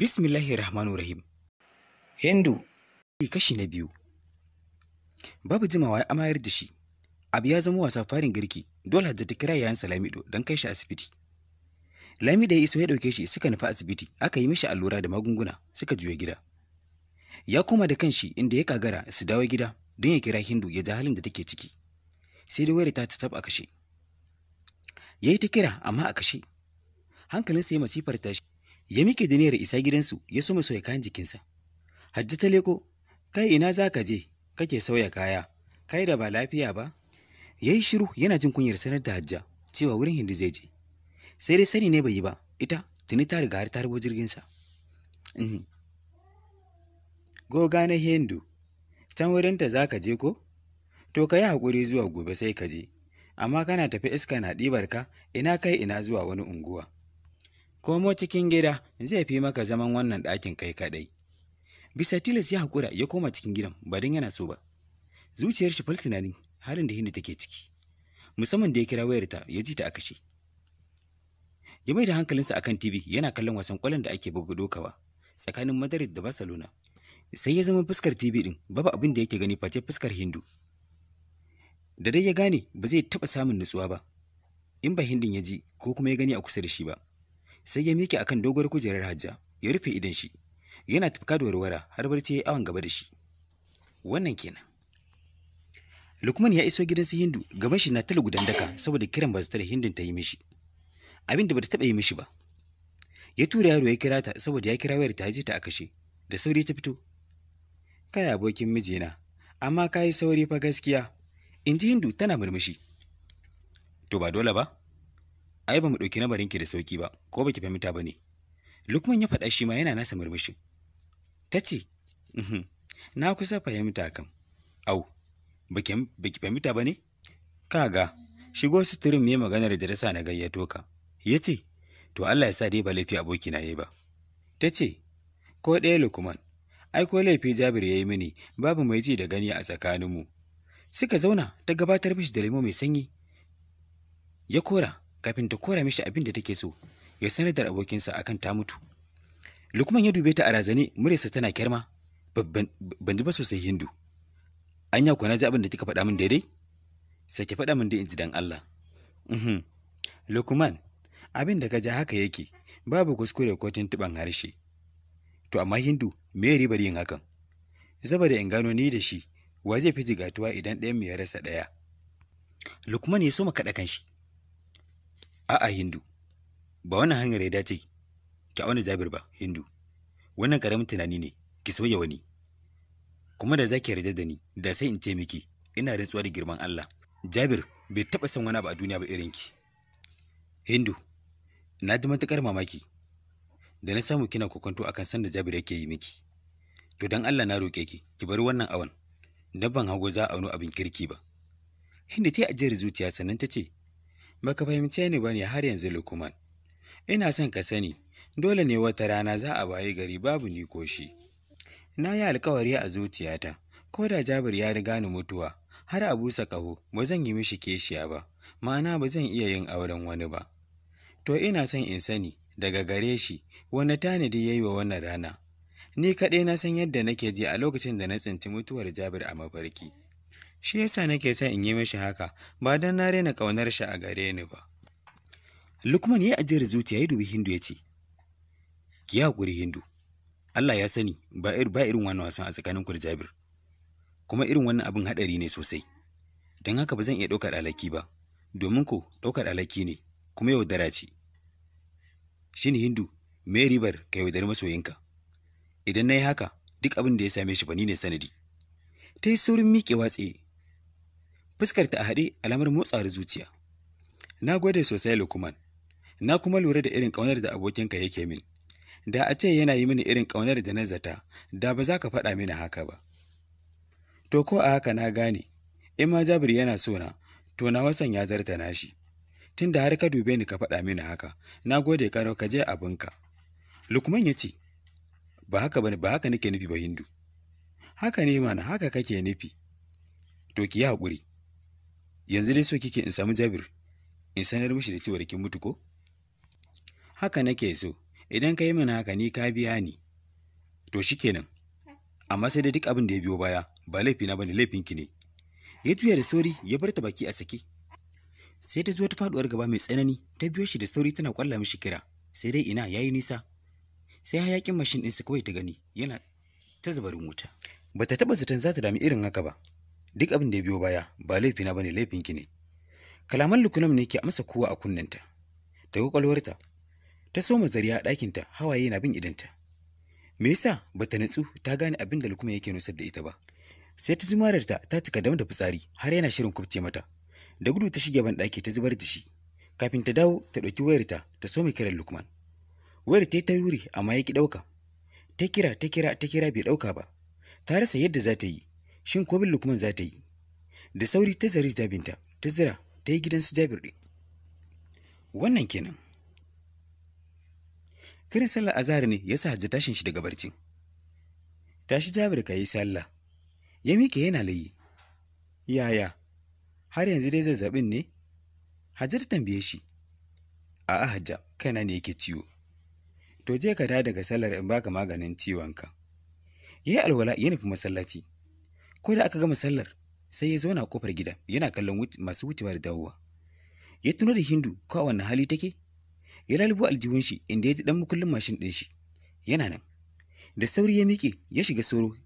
Bismillahi Rahmanir Rahim. Hindu. Kashi na biyu. Babu jimawa ya amayar da shi. Abu ya zama wasa farin girki, dole Hajja ta kira yayin Salamido don kai shi asibiti. Lami da ya iso ya ɗauke shi suka nufi asibiti, aka yi mishi allura da magunguna, suka juya gida. Ya koma da kanshi inda ya kagara su dawo gida don ya kira Hindu ya ji halin da take ciki. Sai da wayar ta tab a kashe. Ya yi ta kira amma a kashe. Hankalinsa ya masifar tashi. ya miƙe da niyyar isa gidansu ya so soya kayan jikinsa. Hajji ta leko, kai ina za ka je, kake sauya kaya, kai da ba lafiya ba? Ya yi shiru yana jin kunyar sanar da Hajja cewa wurin Hindu zai je. Sai dai sani ne bai yi ba, ita tuni ta riga har ta harbo jirginsa. Mhm. Goga na Hindu, can wurinta za ka je ko? To ka yi haƙuri zuwa gobe sai ka je, amma kana tafi iska na ɗibar ka ina kai ina zuwa wani unguwa. komo cikin gida zai fi maka zaman wannan ɗakin kai kaɗai. Bisa tilas ya haƙura ya koma cikin gidan ba don yana so ba. Zuciyar shi fal tunanin halin da Hindi take ciki. Musamman da ya kira wayarta ya ji ta a kashe. Ya mai da hankalinsa akan TV yana kallon wasan kwallon da ake bugu dokawa tsakanin Madrid da Barcelona. Sai ya zama fuskar TV din babu abin da yake gani face fuskar Hindu. Da dai ya gane ba zai taɓa samun nutsuwa ba. In ba Hindin ya ji ko kuma ya gani a kusa da shi ba. sai ya miƙe akan doguwar kujerar hajja ya rufe idan shi yana tafka da warwara har barci ya gaba da shi wannan kenan lukman ya iso gidan su hindu gaban shi na gudan daka saboda kiran ba zata hindun ta yi mishi abin da bata taɓa yi mishi ba ya tura yaro ya kira ta saboda ya kira wayar ta je ta a kashe da sauri ta fito kai abokin mijina amma kayi sauri fa gaskiya inji hindu tana murmushi to ba dole ba ai ba mu ɗauki barinki da sauƙi ba ko baki fahimta ba ne lukman ya faɗa shi ma yana nasa murmushin ta ce uhm, na kusa fahimta kam au baki fahimta ba ne kaga shigo suturin mai maganar da ta na gayyato ka ya ce to allah ya sa dai ba laifi abokina ya ba ta ce ko ɗaya lukman ai ko laifi jabir ya yi mini babu mai ji da gani a tsakaninmu suka zauna ta gabatar mishi da lemo mai sanyi ya kora kafin ta kora mishi abin da take so ya sanar da abokinsa akan ta mutu lukman ya dube ta a razane muryarsa tana kyarma ban ji ba sosai hindu anya ko na ji abin da kika faɗa min daidai sai ki faɗa min da in dan Allah mhm. lukman abin da ka ji haka yake babu kuskure ko tuntuɓan harshe to amma hindu me ribar yin hakan da in gano ni da shi wa zai fi jigatuwa idan ɗayan mu ya rasa ɗaya lukman ya so mu kaɗa kanshi a'a hindu ba wannan hanyar ya dace ki auna zabir ba hindu wannan karamin tunani ne ki sauya wani kuma da zaki yarda da ni da sai in ce miki ina rantsuwa da girman Allah Jabir bai taba san wani abu a duniya ba irin ki Hindu na ji matukar mamaki da na samu kina kokonto akan sanda Zabir yake yi miki to dan Allah na roke ki ki bar wannan awan dabban ban hago za a auno abin kirki ba Hindu ta yi ajiyar zuciya sannan ta ce Baka fahimce ni bane har yanzu Lukman. Ina son ka sani, dole ne wata rana za a bayi gari babu ni ko shi. Na yi alkawari a zuciyata, ko da Jabir ya riga ni mutuwa, har a busa ƙaho ba zan yi mishi keshiya ba, ma'ana ba zan iya yin auren wani ba. To ina son in sani daga gare shi wani tanadi ya yi wa wannan rana. Ni kaɗai na san yadda nake ji a lokacin da na tsinci mutuwar Jabir a mafarki. shi yasa nake sa in yi mishi haka ba don na rena kaunar shi a gare ni ba lukman ya ajiyar zuciya ya dubi hindu ya ce ki haƙuri hindu allah ya sani ba irin wannan wasan a tsakanin ku da jabir kuma irin wannan abin haɗari ne sosai dan haka ba zan iya ɗaukar alaki ba domin ku ɗaukar alaki ne kuma yaudara ce shin hindu me ribar ka yaudari masoyinka idan na yi haka duk abin da ya same shi ba ni ne sanadi ta yi saurin miƙewa tsaye fuskarta a haɗe alamar motsawar zuciya. Na gode sosai Lukuman. na kuma lura da irin ƙaunar da abokinka yake min. Da a ce yana yi mini irin ƙaunar da na zata, da ba za ka faɗa mini haka ba. To ko a haka na gane, in ma yana so na, to na wasan ya zarta na shi. Tun da har ka dube ni ka faɗa mini haka, na gode karo ka je abinka. Lukman ya ce, ba haka ba haka nake nufi ba Hindu. Haka ne mana haka kake nufi. To ki yi haƙuri. yanzu dai so kike in samu jabir in sanar mishi da cewa kin mutu ko haka nake so idan ka yi min haka ni ka biya ni to shikenan amma sai dai duk abin da ya biyo baya ba laifi na bane laifin ki ne ya juya da sauri ya bar ta baki a sake. sai ta zo ta faduwar gaba mai tsanani ta biyo shi da sauri tana kwalla mishi kira sai dai ina yayi nisa sai hayakin mashin ɗinsa kawai ta gani yana ta zubarin wuta bata taba zaton za ta dami irin haka ba duk abin da ya biyo baya ba laifi laifina bane laifinki ne kalaman lukunam ne ke amsa kowa a kunnenta da kwakwalwarta ta soma zariya a ɗakinta hawaye na bin idanta me yasa ba ta natsu ta gane abin da lukuma yake nusar da ita ba sai ta zumararta ta cika dam da fitsari har yana shirin kubce mata da gudu ta shige ban ɗaki ta zubar da shi kafin ta dawo ta ɗauki wayarta ta soma kiran lukman wayar ta yi ta ruri amma ya ki ɗauka ta kira ta kira ta kira bai ɗauka ba ta rasa yadda za ta yi shin ko bin lukman za ta yi da sauri ta zari jabinta ta zira ta yi gidansu jabir ɗin wannan kenan kiran sallar azhar ne ya sa hajji tashin shi daga barci tashi jabir ka yi sallah ya mike yana layi yaya har yanzu dai zazzabin ne hajji ta tambaye shi a'a hajja kana ne yake ciwo to je ka dawo daga sallar in baka maganin ciwonka yayi alwala ya nufi masallaci ko da aka gama sallar sai ya zauna kofar gida yana kallon masu wucewa da dawowa ya tuno da hindu ko a wannan hali take ya lalubo aljihun shi inda ya ji dan mukullin mashin din shi yana nan da sauri ya miƙe ya shiga soro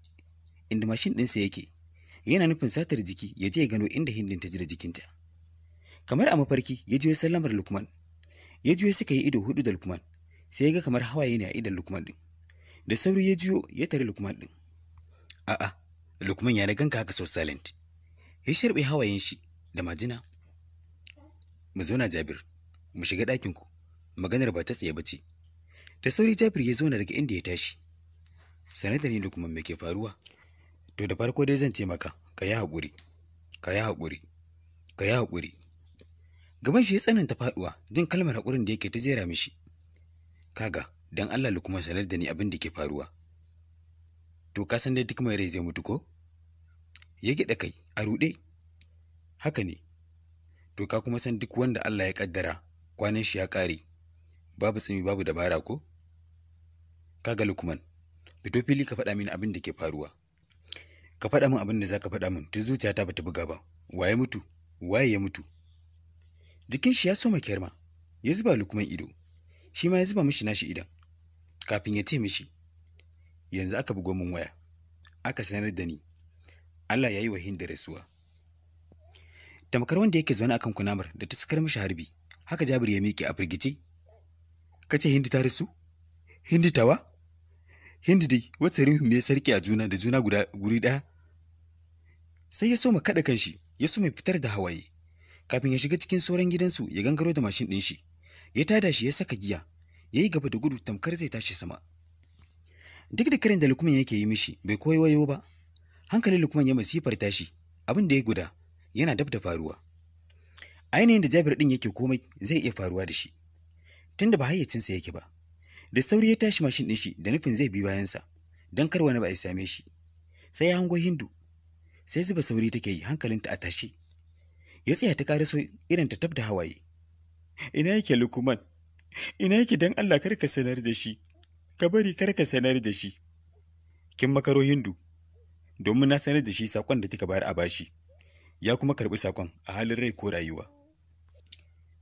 inda mashin ɗinsa yake yana nufin satar jiki ya je ya gano inda hindin ta ji da jikinta kamar a mafarki ya jiyo sallamar lukman ya jiyo suka yi ido hudu da lukman sai ya ga kamar hawaye ne a idan lukman din da sauri ya jiyo ya tare lukman din a'a lukman ya na ganka haka so silent ya sharbe hawayen shi da majina mu zo na jabir mu shiga ɗakin ku maganar ba ta tsaye ba ce da sauri jabir ya zo na daga inda ya tashi sanar da ni lukman me ke faruwa to da farko dai zan ce maka ka yi hakuri ka yi haƙuri ka yi haƙuri gaban shi ya tsananta faɗuwa jin kalmar haƙurin da yake ta jera mishi kaga dan Allah lukman sanar da ni abin da ke faruwa to ka san dai duk mai rai zai mutu ko ya gida kai a ruɗe haka ne to ka kuma san duk wanda Allah ya kaddara kwanan shi ya kare. babu tsimi babu dabara ko Ka ga lukman fito fili ka faɗa mini abin da ke faruwa ka faɗa min abin da za ka faɗa min tun zuciya ta bata buga ba waye mutu waye ya mutu jikin shi ya soma kyarma ya zuba lukman ido shi ma ya zuba mishi nashi idan kafin ya ce mishi yanzu aka bugo min waya aka sanar da ni Allah ya yi wa da rasuwa tamkar wanda yake zaune akan kunamar da ta sakar mishi harbi haka jabir ya miƙe a firgice ka ce hindi ta rasu hindi tawa hindi dai wata rihu mai sarki a juna da juna guda guri ɗaya sai ya so ma kaɗa kanshi ya so mai fitar da hawaye kafin ya shiga cikin sauran gidansu ya gangaro da mashin ɗin shi ya tada shi ya saka giya ya yi gaba da gudu tamkar zai tashi sama duk da karin da lukman yake yi mishi bai koyi wayo ba hankalin lukman ya masifar tashi abin da ya guda yana dab da faruwa ainihin da jabir din yake komai zai iya faruwa da shi tunda ba hayyacinsa yake ba da sauri ya tashi mashin din shi da nufin zai bi bayansa don kar wani ba ya same shi sai ya hango hindu sai zuba sauri take yi hankalinta a tashi ya tsaya ta so irin ta tab da hawaye ina yake lukuman ina yake don allah kar ka sanar da shi ka bari kar ka sanar da shi kin makaro hindu domin na sanar da shi sakon da kika bayar a bashi ya kuma karbi sakon a halin rai ko rayuwa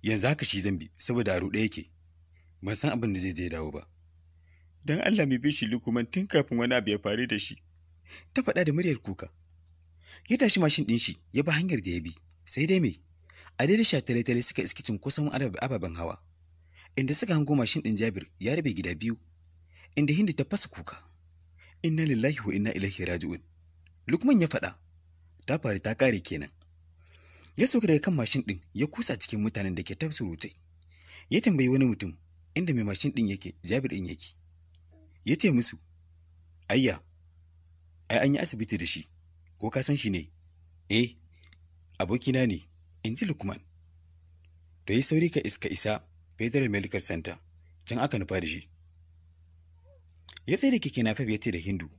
yanzu haka shi zambi saboda a ruɗe yake ban san abin da zai zai dawo ba don Allah mai bishi lukuman tun kafin wani abu ya faru da shi ta faɗa da muryar kuka ya tashi mashin ɗin shi ya bi hanyar da ya bi sai dai me a daidai sha tale suka suka iskicin kusan ababen hawa inda suka hango mashin ɗin jabir ya rabe gida biyu inda hindi ta fasa kuka inna lillahi wa inna ilaihi raji'un lukman ya faɗa ta faru ta kare kenan ya sauka daga kan mashin ɗin ya kusa cikin mutanen da ke ta surutai ya tambayi wani mutum inda mai mashin ɗin yake jabir ɗin yake ya ce musu ayya ai an yi asibiti da shi ko ka san shi ne eh abokina ne in ji lukman to yi sauri ka iska isa federal medical center can aka nufa da shi ya tsaye da keke na ya ce da hindu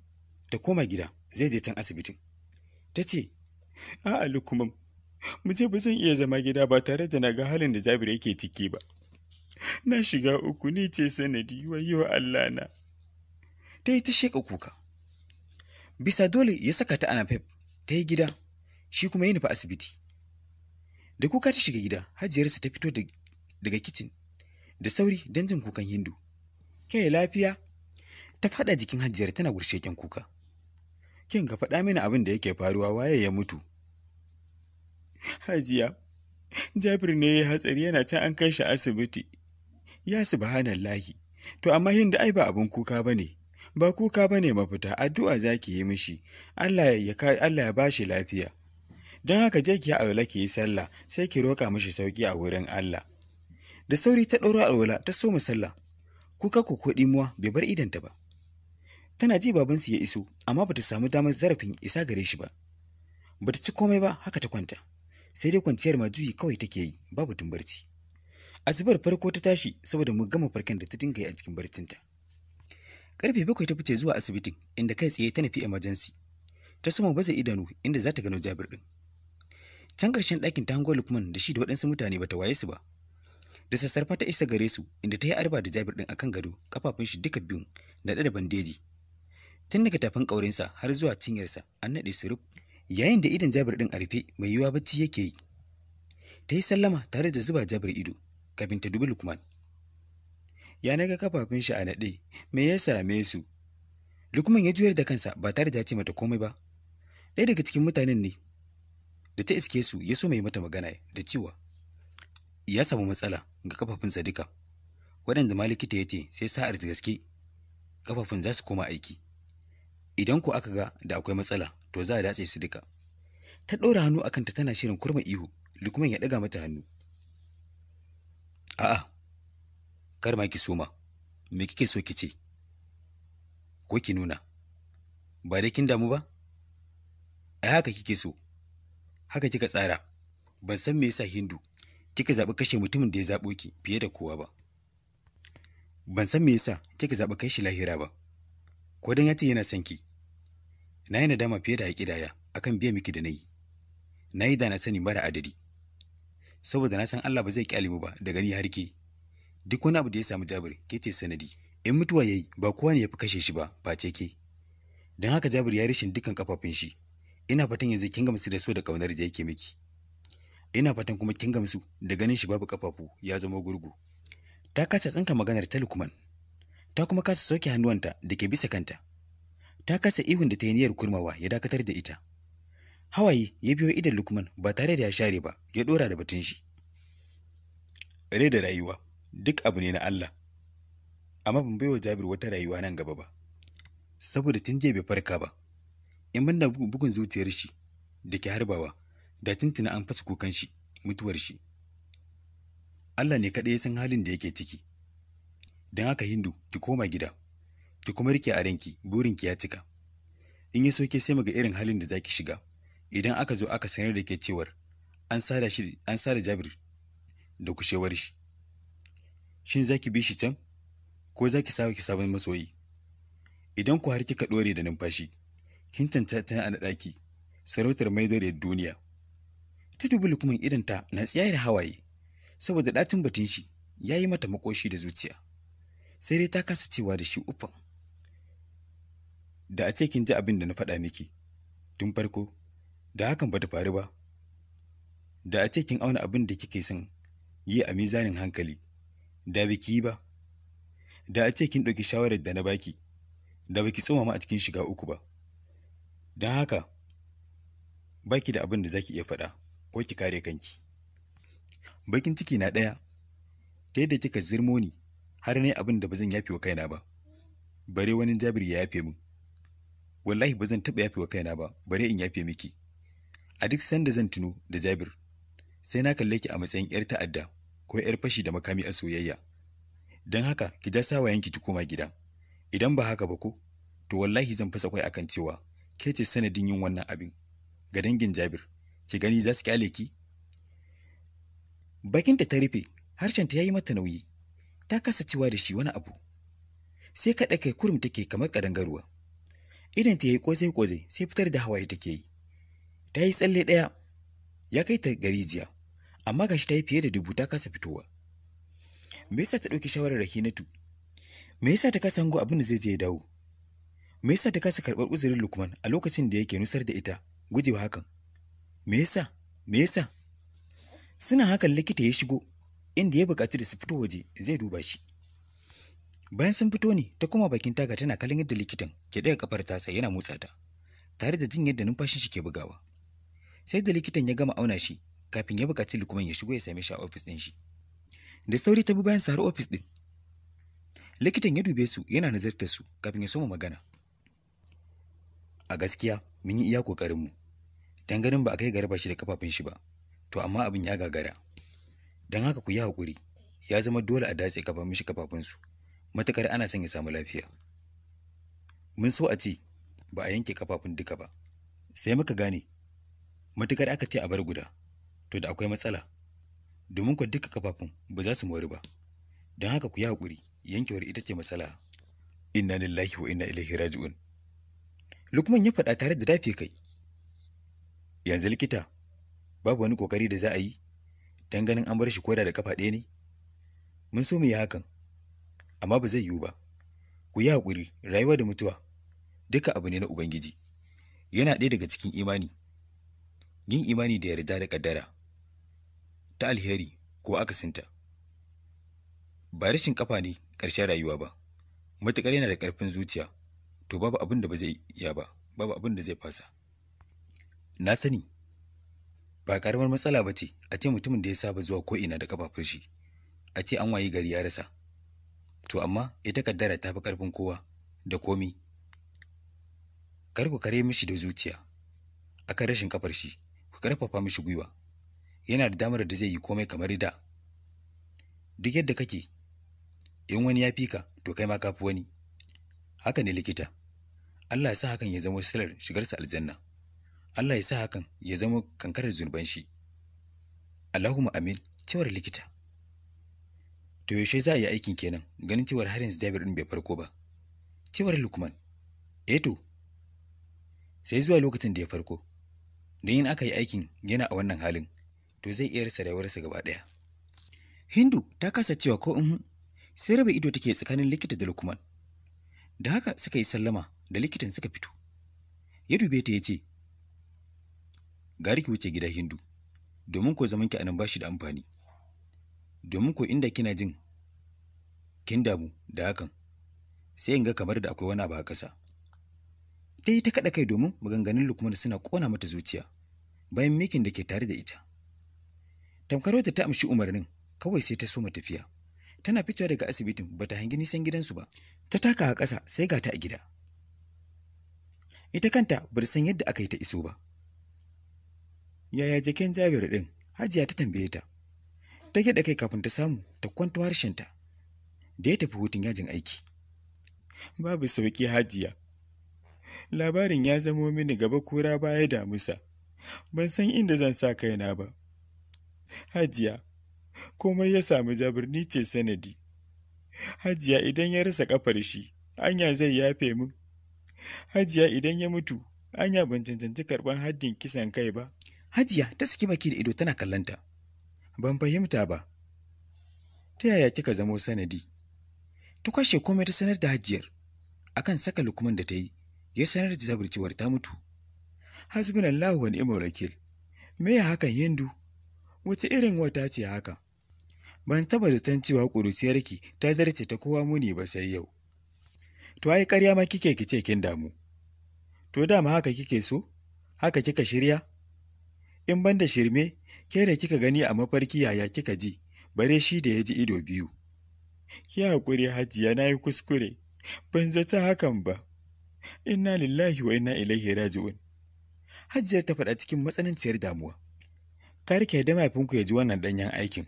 ta koma gida zai je can asibitin ta ce a alukumam mu je ba zan iya zama gida ba tare da na ga halin da jabir yake ciki ba na shiga uku ni ce sanadi wayo allah na ta yi ta sheƙa kuka bisa dole ya saka ta anafef ta yi gida shi kuma ya nufi asibiti da kuka ta shiga gida hajiyarsa ta fito daga kicin da sauri don jin kukan hindu kai lafiya ta faɗa jikin hajiyar tana gurshekin kuka kin ka faɗa mini abin da yake faruwa waye ya mutu hajiya jabir ne ya hatsari yana can an kai shi asibiti ya subhanallahi to amma yin da ai ba abin kuka ba ne, ba kuka ba ne mafita addu'a za ki yi mishi Allah ya Allah ya bashi lafiya don haka je ki aula ki yi sallah sai ki roƙa mishi sauƙi a wurin Allah da sauri ta ɗaura aula ta so sallah kuka ko kuɗi muwa bai bar idanta ba tana ji babansu ya iso amma bata samu damar zarafin isa gare shi ba bata ci komai ba haka ta kwanta sai dai kwanciyar ma juyi kawai take yi babu tun barci asibar farko ta tashi saboda mu gama farken da ta dinga yi a cikin barcinta karfe bakwai ta fice zuwa asibitin inda kai tsaye ta nufi emergency ta suma baza idanu inda za ta gano jabir din can ƙarshen ɗakin ta hango lukman da shi da waɗansu mutane bata waye su ba da sassarfa ta isa gare su inda ta yi arba da jabir din akan gado kafafun shi duka biyun da da bandeji tun daga tafin ƙaurinsa har zuwa cinyarsa an naɗe surup yayin da idan jabir ɗin a rufe mai yiwuwa bacci yake yi ta yi sallama tare da zuba jabir ido kafin ta dubi lukman ya naga kafafun shi a naɗe me ya same su lukman ya juyar da kansa ba tare da ya ce mata komai ba ɗaya daga cikin mutanen ne da ta iske su ya so mai mata magana da cewa ya samu matsala ga kafafunsa duka waɗanda ma likita ya ce sai sa'ar gaske kafafun za su koma aiki idan ku aka ga da akwai matsala to za a datse su duka ta ɗora hannu a kanta tana shirin kurma ihu lukman ya ɗaga mata hannu a'a kar ma ki soma me kike so ki ce ko ki nuna ba dai kin damu ba ai haka kike so haka kika tsara ban san me yasa hindu kika zaɓi kashe mutumin da ya zaɓo ki fiye da kowa ba ban san me yasa kika zaɓi kai shi lahira ba ko dan yace yana son ki na yi nadama fiye da haƙidaya akan biya miki da na yi na yi da na sani mara adadi saboda na san Allah ba zai ƙi mu ba da ni har ke duk wani abu da ya samu Jabir ke ce sanadi in mutuwa ya yi ba kowa ne ya fi kashe shi ba face ke don haka Jabir ya rishin dukkan kafafun shi ina fatan yanzu kin gamsu da so da kaunar da yake miki ina fatan kuma kin gamsu da ganin shi babu kafafu ya zama gurgu ta kasa tsinka maganar talukuman. lukman ta kuma kasa soke hannuwanta da ke bisa kanta ta kasa ihun da ta yi niyyar kurmawa ya dakatar da ita hawaye ya biyo idan lukman ba tare da ya share ba ya ɗora da batun shi rai da rayuwa duk abu ne na Allah amma ban baiwa Jabir wata rayuwa nan gaba ba saboda tun jiya bai farka ba in ban da bugun zuciyar shi da ke harbawa da tuntuna an fasa kukan shi mutuwar shi Allah ne kaɗai ya san halin da yake ciki don haka Hindu ki koma gida ki kuma rike a ranki burinki ya cika in ya so ke sai ga irin halin da zaki shiga idan aka zo aka sanar da ke cewar an sada shi an sada Jabir da kushewar shi shin zaki bi shi can ko zaki sawa ki sabon masoyi idan ku har kika dore da numfashi kin tantata a daki sarautar maido da duniya ta dubi lukumin ta na tsiyayar hawaye saboda ɗatin batun shi ya yi mata makoshi da zuciya sai dai ta kasa cewa da shi uffan da a ce kin ji abin da na faɗa miki tun farko da hakan ba ta faru ba da a ce kin auna abin da kike son yi a mizanin hankali da biki yi ba da a ce kin ɗauki shawarar da na baki da baki tsoma a cikin shiga uku ba don haka baki da abin da ki iya faɗa ko ki kare kanki bakin ciki na ɗaya ta yadda kika zirmo ni har ne abin da ba zan yafe wa kaina ba bare wani jabiri ya yafe min wallahi ba zan taɓa yafe wa kaina ba bare in yafe miki a duk sanda zan tuno da jabir sai na kalle ki a matsayin yar ta'adda ko yar fashi da makami a soyayya don haka ki ja sawayenki ki koma gida idan ba haka ba ko to wallahi zan fasa kwai akan cewa ke ce sanadin yin wannan abin ga dangin jabir ki gani za su kyale ki bakinta ta rufe ta ya yi mata nauyi ta kasa cewa da shi wani abu sai kaɗa kai kurum take kamar ƙadangarwa idan ta yi kwazai-kwazai sai fitar da hawaye take yi ta yi tsalle ɗaya ya kai ta gari jiya amma gashi ta yi fiye da dubu ta kasa fitowa me yasa ta ɗauki shawarar rahinatu me yasa ta kasa hango abin da zai je ya dawo me yasa ta kasa karɓar uzurin lukman a lokacin da yake nusar da ita gujewa hakan me yasa me yasa suna hakan likita ya shigo inda ya buƙaci da su fito waje zai duba shi Bayan sun fito ne, ta koma bakin taga tana kallon yadda likitan ke ɗaga kafar tasa yana motsa ta, tare da jin yadda numfashin shi ke bugawa. Sai da likitan ya gama auna shi, kafin ya buƙaci lukman ya shigo ya same shi a ofis ɗin shi. Da sauri ta bi bayan har ofis ɗin. Likitan ya dube su yana nazartar su kafin ya soma magana. A gaskiya, mun yi iya ƙoƙarinmu. Dan ganin ba a kai garba shi da kafafun shi ba, to amma abin ya gagara. dan haka ku yi hakuri ya zama dole a datse kafa kafafun kafafunsu. matukar ana son ya samu lafiya mun so a ce ba a yanke kafafun duka ba sai muka gane matukar aka ce a bar guda to da akwai matsala domin ku duka kafafun ba za su mori ba don haka ku yi haƙuri yankewar ita ce matsala inna lillahi wa inna ilaihi raji'un lukman ya faɗa tare da dafe kai yanzu likita babu wani ƙoƙari da za a yi don ganin an bar shi koda da kafa ɗaya ne mun so mu yi hakan amma ba zai yiwu ba ku yi haƙuri rayuwa da mutuwa duka abu ne na ubangiji yana ɗaya daga cikin imani yin imani da yarda da ƙaddara ta alheri ko akasinta ba rashin ƙafa ne ƙarshen rayuwa ba matuƙar yana da ƙarfin zuciya to babu abin da ba zai iya ba babu abin da zai fasa na sani ba ƙaramar matsala ba ce a ce mutumin da ya saba zuwa ko'ina da kafafun shi a ce an wayi gari ya rasa To amma ita kaddara ta fi ƙarfin kowa da komi. Kar ku kare mishi da zuciya akan rashin kafar shi, ku karfafa mishi gwiwa. Yana da damar da zai yi komai kamar da. Duk yadda kake, in wani ya fi ka, to kai ma ka fi wani. Haka ne likita. Allah ya sa hakan ya zama silar shigarsa aljanna. Allah ya sa hakan ya zama kankarar zunuban shi. Allahumma amin, cewar likita. To yaushe za a yi aikin kenan ganin cewar harin yanzu Jabir ɗin bai farko ba. Cewar Lukman, eto. Eh sai zuwa lokacin da ya farko. Don yin aka yi aikin yana a wannan halin, to zai iya rasa rayuwarsa gaba ɗaya. Hindu ta kasa cewa ko in uhm, sai raba ido take tsakanin likita da Lukman. Da haka suka yi sallama da likitan suka fito. Ya dube ta ya ce, Gari ki wuce gida Hindu, domin ko zaman ki anan bashi da amfani. domin ko inda kina jin kin damu da hakan sai in ga kamar da akwai wani abu a ƙasa. Ta yi ta kaɗa kai domin maganganun Lukman suna ƙona mata zuciya bayan mikin da ke tare da ita. Tamkar wata ta amshi umarnin kawai sai ta soma tafiya. Tana fitowa daga asibitin ba ta hangi nisan gidansu ba. Ta taka a ƙasa sai ga ta a gida. Ita kanta ba san yadda aka yi ta iso ba. Yaya jaken Jabir ɗin? Hajiya ta tambaye ta. ta da kai kafin ta samu ta kwanto ta. da ya tafi hutun yajin aiki babu sauki hajiya labarin ya zamo mini gaba kura baya damusa ban san inda zan sa kaina ba hajiya komai ya samu jabirni ce sanadi hajiya idan ya rasa kafar shi anya zai yafe min hajiya idan ya mutu anya ban cancanci karban haddin kisan kai ba hajiya ta saki baki da ido tana kallanta Ban fahimta ba. Ta yaya kika zamo sanadi? Ta kwashe komai ta sanar da hajiyar. Akan saka lukman da ta yi, ya sanar da zabircewar ta mutu. Hasbunallahu wa ni'mal wakil. Me ya hakan yandu? Wace irin wata ce haka? Ban taba zaton cewa ƙuruciyarki ta zarce ta kowa muni ba sai yau. To ai ƙarya ma kike kice kin damu. To dama haka kike so? Haka kika shirya? In ban da shirme, ke da kika gani a mafarki yaya kika ji bare shi da ya ji ido biyu ki haƙuri hajiya na yi kuskure ban zata hakan ba inna lillahi wa inna ilaihi raji'un hajiyar ta faɗa cikin matsananciyar damuwa kar ki da mahaifinku ya ji wannan ɗanyen aikin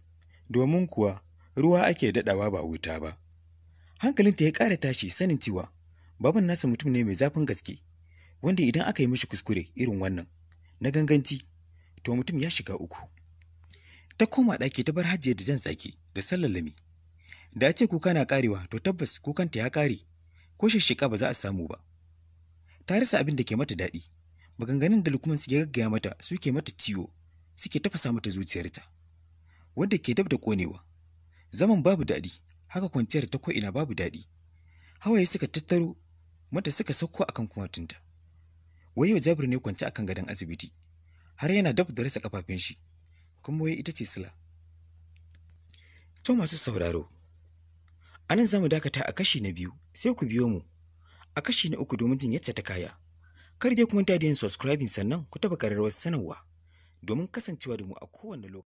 domin kuwa ruwa ake daɗawa ba wuta ba hankalinta ya ƙara tashi sanin cewa baban nasa mutum ne mai zafin gaske wanda idan aka yi mishi kuskure irin wannan na ganganci to mutum ya shiga uku ta koma ɗaki ta bar hajiya da jan zaki da sallalami da ce kuka na karewa to tabbas kukanta ya kare ko shishika ba za a samu ba ta rasa abin da ke mata daɗi maganganun da lukman suke gaggaya mata suke mata ciwo suke tafasa mata zuciyarta wanda ke dab da konewa zaman babu daɗi haka kwanciyar ta ko'ina babu daɗi hawaye suka tattaro mata suka sauko akan kumatunta yau jabir ne kwance akan gadon asibiti har yana dab da rasa kafafun shi kuma wai ita ce sila to masu sauraro a nan za mu dakata a kashi na biyu sai ku biyo mu a kashi na uku domin jin yadda ta kaya kar dai kuma ta da yin subscribing sannan ku taba kararrawar sanarwa domin kasancewa da mu a kowane lokaci